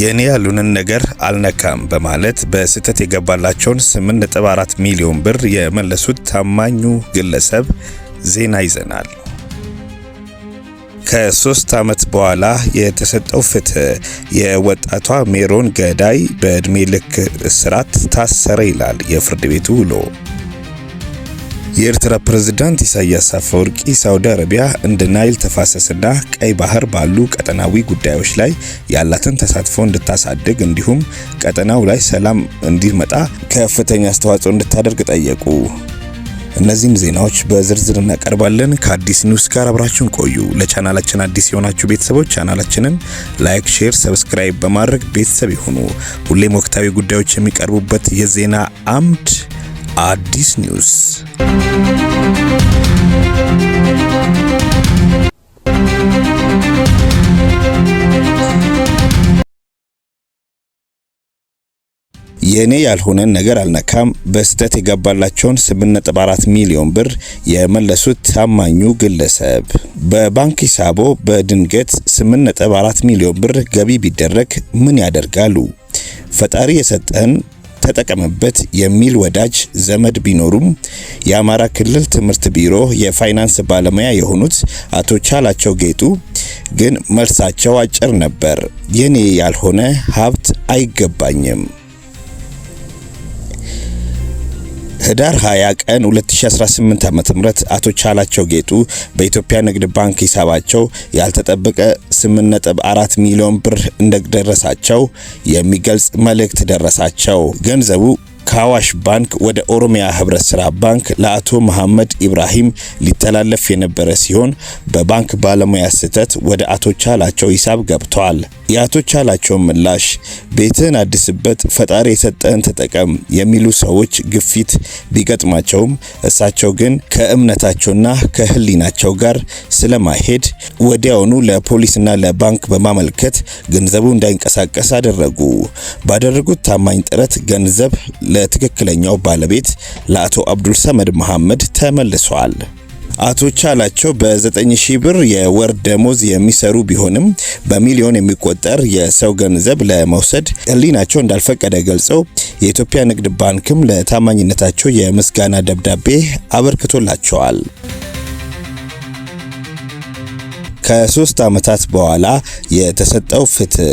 የኔ ያሉንን ነገር አልነካም በማለት በስህተት የገባላቸውን 8.4 ሚሊዮን ብር የመለሱት ታማኙ ግለሰብ ዜና ይዘናል። ከሶስት ዓመት በኋላ የተሰጠው ፍትህ፣ የወጣቷ ሜሮን ገዳይ በዕድሜ ልክ እስራት ታሰረ ይላል የፍርድ ቤቱ ውሎ። የኤርትራ ፕሬዝዳንት ኢሳያስ አፈወርቂ ሳውዲ አረቢያ እንደ ናይል ተፋሰስና ቀይ ባህር ባሉ ቀጠናዊ ጉዳዮች ላይ ያላትን ተሳትፎ እንድታሳድግ እንዲሁም ቀጠናው ላይ ሰላም እንዲመጣ ከፍተኛ አስተዋጽኦ እንድታደርግ ጠየቁ። እነዚህም ዜናዎች በዝርዝር እናቀርባለን። ከአዲስ ኒውስ ጋር አብራችሁን ቆዩ። ለቻናላችን አዲስ የሆናችሁ ቤተሰቦች ቻናላችንን ላይክ፣ ሼር፣ ሰብስክራይብ በማድረግ ቤተሰብ ይሁኑ። ሁሌም ወቅታዊ ጉዳዮች የሚቀርቡበት የዜና አምድ አዲስ ኒውስ የእኔ ያልሆነን ነገር አልነካም። በስህተት የገባላቸውን 8.4 ሚሊዮን ብር የመለሱት ታማኙ ግለሰብ በባንክ ሂሳቦ በድንገት 8.4 ሚሊዮን ብር ገቢ ቢደረግ ምን ያደርጋሉ? ፈጣሪ የሰጠን ተጠቀመበት የሚል ወዳጅ ዘመድ ቢኖሩም የአማራ ክልል ትምህርት ቢሮ የፋይናንስ ባለሙያ የሆኑት አቶ ቻላቸው ጌጡ ግን መልሳቸው አጭር ነበር። የኔ ያልሆነ ሀብት አይገባኝም ህዳር 20 ቀን 2018 ዓ.ም አቶ ቻላቸው ጌጡ በኢትዮጵያ ንግድ ባንክ ሂሳባቸው ያልተጠበቀ 8.4 ሚሊዮን ብር እንደደረሳቸው የሚገልጽ መልእክት ደረሳቸው። ገንዘቡ ከአዋሽ ባንክ ወደ ኦሮሚያ ህብረት ስራ ባንክ ለአቶ መሐመድ ኢብራሂም ሊተላለፍ የነበረ ሲሆን በባንክ ባለሙያ ስህተት ወደ አቶ ቻላቸው ሂሳብ ገብቷል። የአቶ ቻላቸው ምላሽ ቤትህን አድስበት፣ ፈጣሪ የሰጠህን ተጠቀም የሚሉ ሰዎች ግፊት ቢገጥማቸውም እሳቸው ግን ከእምነታቸውና ከህሊናቸው ጋር ስለማሄድ ወዲያውኑ ለፖሊስና ለባንክ በማመልከት ገንዘቡ እንዳይንቀሳቀስ አደረጉ። ባደረጉት ታማኝ ጥረት ገንዘብ ለትክክለኛው ባለቤት ለአቶ አብዱል ሰመድ መሐመድ ተመልሷል። አቶ ቻላቸው በ9000 ብር የወር ደሞዝ የሚሰሩ ቢሆንም በሚሊዮን የሚቆጠር የሰው ገንዘብ ለመውሰድ ሕሊናቸው እንዳልፈቀደ ገልጸው የኢትዮጵያ ንግድ ባንክም ለታማኝነታቸው የምስጋና ደብዳቤ አበርክቶላቸዋል። ከሶስት ዓመታት በኋላ የተሰጠው ፍትህ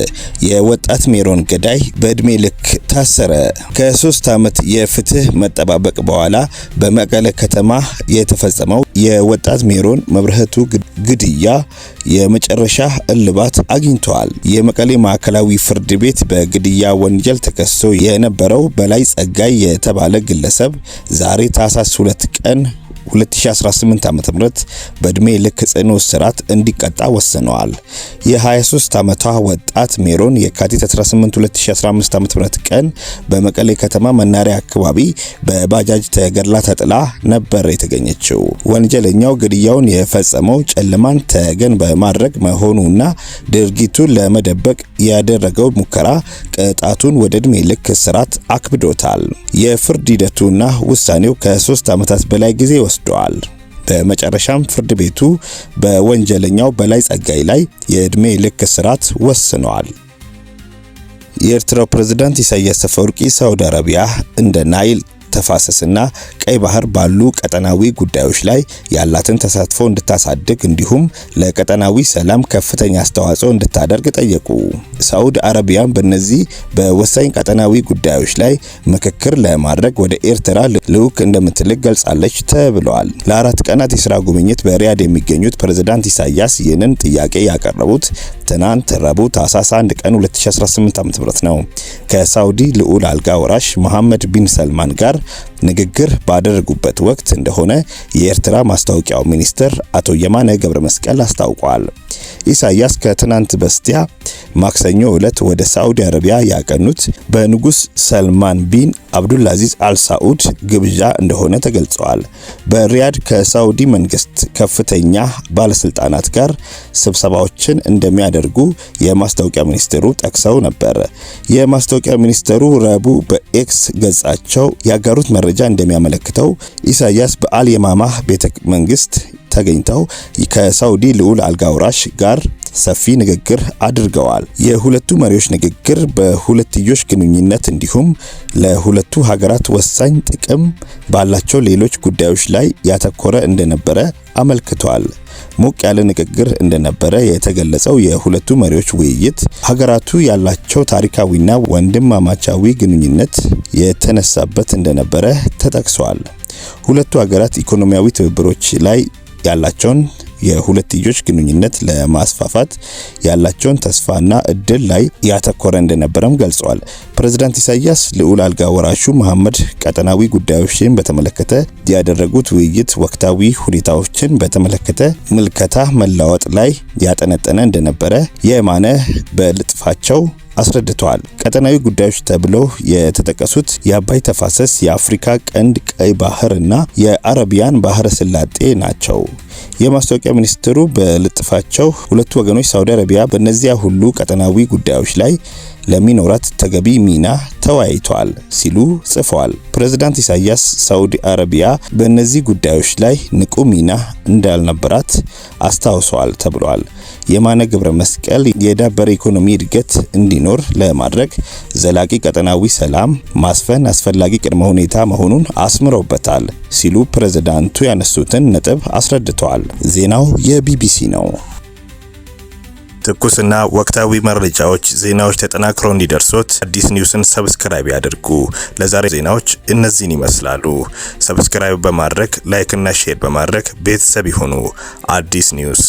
የወጣት ሜሮን ገዳይ በእድሜ ልክ ታሰረ። ከሶስት ዓመት የፍትህ መጠባበቅ በኋላ በመቀለ ከተማ የተፈጸመው የወጣት ሜሮን መብረህቱ ግድያ የመጨረሻ እልባት አግኝቷል። የመቀሌ ማዕከላዊ ፍርድ ቤት በግድያ ወንጀል ተከሶ የነበረው በላይ ጸጋይ የተባለ ግለሰብ ዛሬ ታህሳስ 2 ቀን 2018 ዓ.ም በእድሜ ልክ ጽኑ እስራት እንዲቀጣ ወስነዋል። የ23 ዓመቷ ወጣት ሜሮን የካቲት 18 2015 ዓ.ም ቀን በመቀሌ ከተማ መናሪያ አካባቢ በባጃጅ ተገድላ ተጥላ ነበር የተገኘችው። ወንጀለኛው ግድያውን የፈጸመው ጨለማን ተገን በማድረግ መሆኑና ድርጊቱን ለመደበቅ ያደረገው ሙከራ ቅጣቱን ወደ እድሜ ልክ እስራት አክብዶታል። የፍርድ ሂደቱና ውሳኔው ከሶስት ዓመታት በላይ ጊዜ ወስደዋል። በመጨረሻም ፍርድ ቤቱ በወንጀለኛው በላይ ጸጋይ ላይ የእድሜ ልክ እስራት ወስኗል። የኤርትራው ፕሬዝዳንት ኢሳያስ አፈወርቂ ሳውዲ አረቢያ እንደ ናይል ተፋሰስና ቀይ ባህር ባሉ ቀጠናዊ ጉዳዮች ላይ ያላትን ተሳትፎ እንድታሳድግ እንዲሁም ለቀጠናዊ ሰላም ከፍተኛ አስተዋጽኦ እንድታደርግ ጠየቁ። ሳዑዲ አረቢያም በእነዚህ በወሳኝ ቀጠናዊ ጉዳዮች ላይ ምክክር ለማድረግ ወደ ኤርትራ ልዑክ እንደምትልክ ገልጻለች ተብሏል። ለአራት ቀናት የስራ ጉብኝት በሪያድ የሚገኙት ፕሬዝዳንት ኢሳያስ ይህንን ጥያቄ ያቀረቡት ትናንት ረቡዕ ታህሳስ 1 ቀን 2018 ዓ.ም ነው ከሳውዲ ልዑል አልጋ ወራሽ መሐመድ ቢን ሰልማን ጋር ንግግር ባደረጉበት ወቅት እንደሆነ የኤርትራ ማስታወቂያው ሚኒስትር አቶ የማነ ገብረ መስቀል አስታውቋል። ኢሳያስ ከትናንት በስቲያ ማክሰኞ ዕለት ወደ ሳዑዲ አረቢያ ያቀኑት በንጉስ ሰልማን ቢን አብዱልአዚዝ አልሳዑድ ግብዣ እንደሆነ ተገልጸዋል። በሪያድ ከሳዑዲ መንግስት ከፍተኛ ባለስልጣናት ጋር ስብሰባዎችን እንደሚያደርጉ የማስታወቂያ ሚኒስትሩ ጠቅሰው ነበር። የማስታወቂያ ሚኒስትሩ ረቡዕ በኤክስ ገጻቸው ያጋሩት መረጃ እንደሚያመለክተው ኢሳያስ በአልየማማህ ቤተ መንግስት ተገኝተው ከሳውዲ ልዑል አልጋውራሽ ጋር ሰፊ ንግግር አድርገዋል። የሁለቱ መሪዎች ንግግር በሁለትዮሽ ግንኙነት እንዲሁም ለሁለቱ ሀገራት ወሳኝ ጥቅም ባላቸው ሌሎች ጉዳዮች ላይ ያተኮረ እንደነበረ አመልክቷል። ሞቅ ያለ ንግግር እንደነበረ የተገለጸው የሁለቱ መሪዎች ውይይት ሀገራቱ ያላቸው ታሪካዊና ወንድማማቻዊ ግንኙነት የተነሳበት እንደነበረ ተጠቅሷል። ሁለቱ ሀገራት ኢኮኖሚያዊ ትብብሮች ላይ ያላቸውን የሁለትዮሽ ግንኙነት ለማስፋፋት ያላቸውን ተስፋና እድል ላይ ያተኮረ እንደነበረም ገልጸዋል። ፕሬዝዳንት ኢሳያስ ልዑል አልጋ ወራሹ መሐመድ ቀጠናዊ ጉዳዮችን በተመለከተ ያደረጉት ውይይት ወቅታዊ ሁኔታዎችን በተመለከተ ምልከታ መለዋወጥ ላይ ያጠነጠነ እንደነበረ የማነ በልጥፋቸው አስረድተዋል። ቀጠናዊ ጉዳዮች ተብለው የተጠቀሱት የአባይ ተፋሰስ፣ የአፍሪካ ቀንድ፣ ቀይ ባህር እና የአረቢያን ባህረ ስላጤ ናቸው። የማስታወቂያ ሚኒስትሩ በልጥፋቸው ሁለቱ ወገኖች ሳውዲ አረቢያ በእነዚያ ሁሉ ቀጠናዊ ጉዳዮች ላይ ለሚኖራት ተገቢ ሚና ተወያይተዋል ሲሉ ጽፈዋል። ፕሬዝዳንት ኢሳያስ ሳዑዲ አረቢያ በእነዚህ ጉዳዮች ላይ ንቁ ሚና እንዳልነበራት አስታውሰዋል ተብሏል። የማነ ገብረ መስቀል የዳበረ ኢኮኖሚ እድገት እንዲኖር ለማድረግ ዘላቂ ቀጠናዊ ሰላም ማስፈን አስፈላጊ ቅድመ ሁኔታ መሆኑን አስምረውበታል ሲሉ ፕሬዝዳንቱ ያነሱትን ነጥብ አስረድተዋል። ዜናው የቢቢሲ ነው። ትኩስና ወቅታዊ መረጃዎች፣ ዜናዎች ተጠናክረው እንዲደርሱት አዲስ ኒውስን ሰብስክራይብ ያድርጉ። ለዛሬ ዜናዎች እነዚህን ይመስላሉ። ሰብስክራይብ በማድረግ ላይክና ሼር በማድረግ ቤተሰብ ይሁኑ። አዲስ ኒውስ